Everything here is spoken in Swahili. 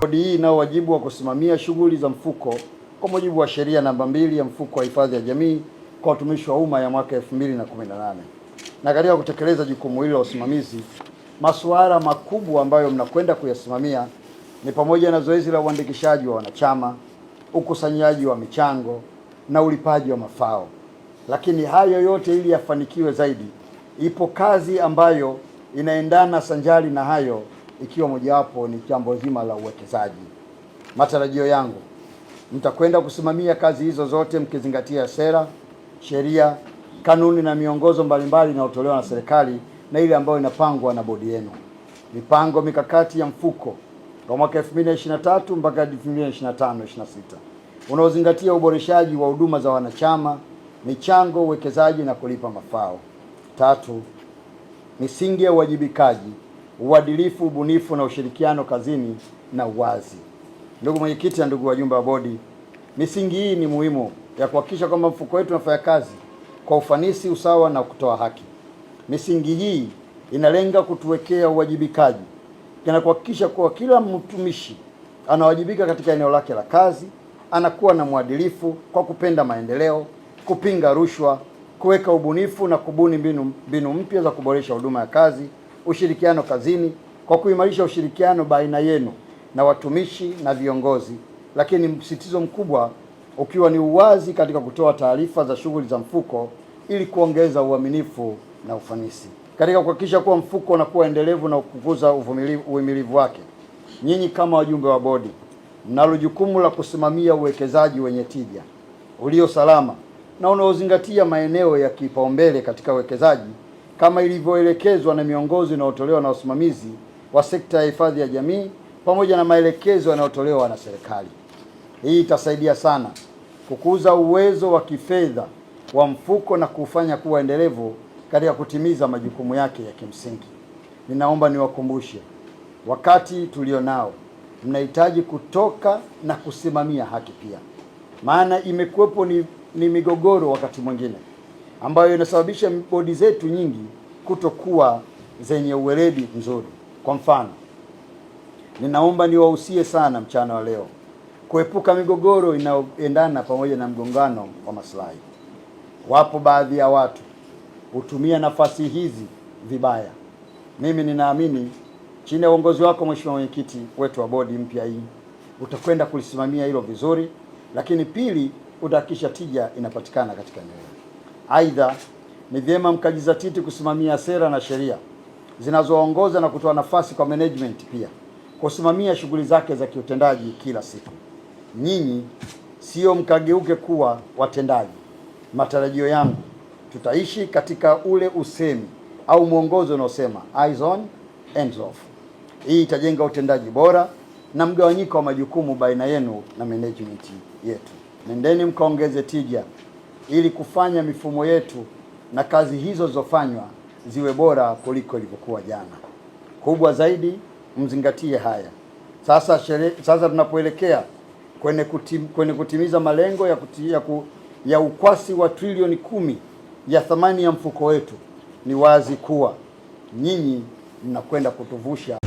Bodi hii inao wajibu wa kusimamia shughuli za mfuko kwa mujibu wa sheria namba mbili ya mfuko wa hifadhi ya jamii kwa watumishi wa umma ya mwaka 2018. Na katika kutekeleza jukumu hilo la usimamizi, masuala makubwa ambayo mnakwenda kuyasimamia ni pamoja na zoezi la uandikishaji wa wanachama, ukusanyaji wa michango na ulipaji wa mafao. Lakini hayo yote ili yafanikiwe zaidi, ipo kazi ambayo inaendana sanjari na hayo ikiwa mojawapo ni jambo zima la uwekezaji. Matarajio yangu mtakwenda kusimamia kazi hizo zote mkizingatia sera, sheria, kanuni na miongozo mbalimbali inayotolewa na serikali na ile ambayo inapangwa na bodi yenu. Mipango mikakati ya mfuko wa mwaka 2023 mpaka 2025 26 unaozingatia uboreshaji wa huduma za wanachama, michango, uwekezaji na kulipa mafao. Tatu, misingi ya uwajibikaji uadilifu, ubunifu na ushirikiano kazini na uwazi. Ndugu mwenyekiti na ndugu wajumbe wa bodi, misingi hii ni muhimu ya kuhakikisha kwamba mfuko wetu unafanya kazi kwa ufanisi, usawa na kutoa haki. Misingi hii inalenga kutuwekea uwajibikaji na kuhakikisha kuwa kila mtumishi anawajibika katika eneo lake la kazi, anakuwa na mwadilifu kwa kupenda maendeleo, kupinga rushwa, kuweka ubunifu na kubuni mbinu mpya za kuboresha huduma ya kazi ushirikiano kazini kwa kuimarisha ushirikiano baina yenu na watumishi na viongozi, lakini msitizo mkubwa ukiwa ni uwazi katika kutoa taarifa za shughuli za mfuko ili kuongeza uaminifu na ufanisi katika kuhakikisha kuwa mfuko unakuwa endelevu na kukuza uvumilivu wake. Nyinyi kama wajumbe wa bodi mnalo jukumu la kusimamia uwekezaji wenye tija ulio salama na unaozingatia maeneo ya kipaumbele katika uwekezaji kama ilivyoelekezwa na miongozo inayotolewa na wasimamizi wa sekta ya hifadhi ya jamii pamoja na maelekezo yanayotolewa na serikali. Hii itasaidia sana kukuza uwezo wa kifedha wa mfuko na kufanya kuwa endelevu katika kutimiza majukumu yake ya kimsingi. Ninaomba niwakumbushe, wakati tulionao mnahitaji kutoka na kusimamia haki pia, maana imekuwepo ni, ni migogoro wakati mwingine ambayo inasababisha bodi zetu nyingi kutokuwa zenye uweledi mzuri. Kwa mfano, ninaomba niwahusie sana mchana wa leo kuepuka migogoro inayoendana pamoja na mgongano wa maslahi. Wapo baadhi ya watu hutumia nafasi hizi vibaya. Mimi ninaamini chini ya uongozi wako Mheshimiwa Mwenyekiti wetu wa bodi mpya hii utakwenda kulisimamia hilo vizuri, lakini pili utahakikisha tija inapatikana katika eneo hili. Aidha, ni vyema mkajizatiti kusimamia sera na sheria zinazoongoza na kutoa nafasi kwa management pia kusimamia shughuli zake za kiutendaji kila siku. Nyinyi sio mkageuke kuwa watendaji. Matarajio yangu tutaishi katika ule usemi au mwongozo unaosema eyes on hands off. Hii itajenga utendaji bora na mgawanyiko wa majukumu baina yenu na management yetu. Nendeni mkaongeze tija ili kufanya mifumo yetu na kazi hizo zilizofanywa ziwe bora kuliko ilivyokuwa jana. Kubwa zaidi, mzingatie haya sasa. Shere, sasa tunapoelekea kwenye, kutim, kwenye kutimiza malengo ya, kuti, ya, ku, ya ukwasi wa trilioni kumi ya thamani ya mfuko wetu, ni wazi kuwa nyinyi mnakwenda kutuvusha.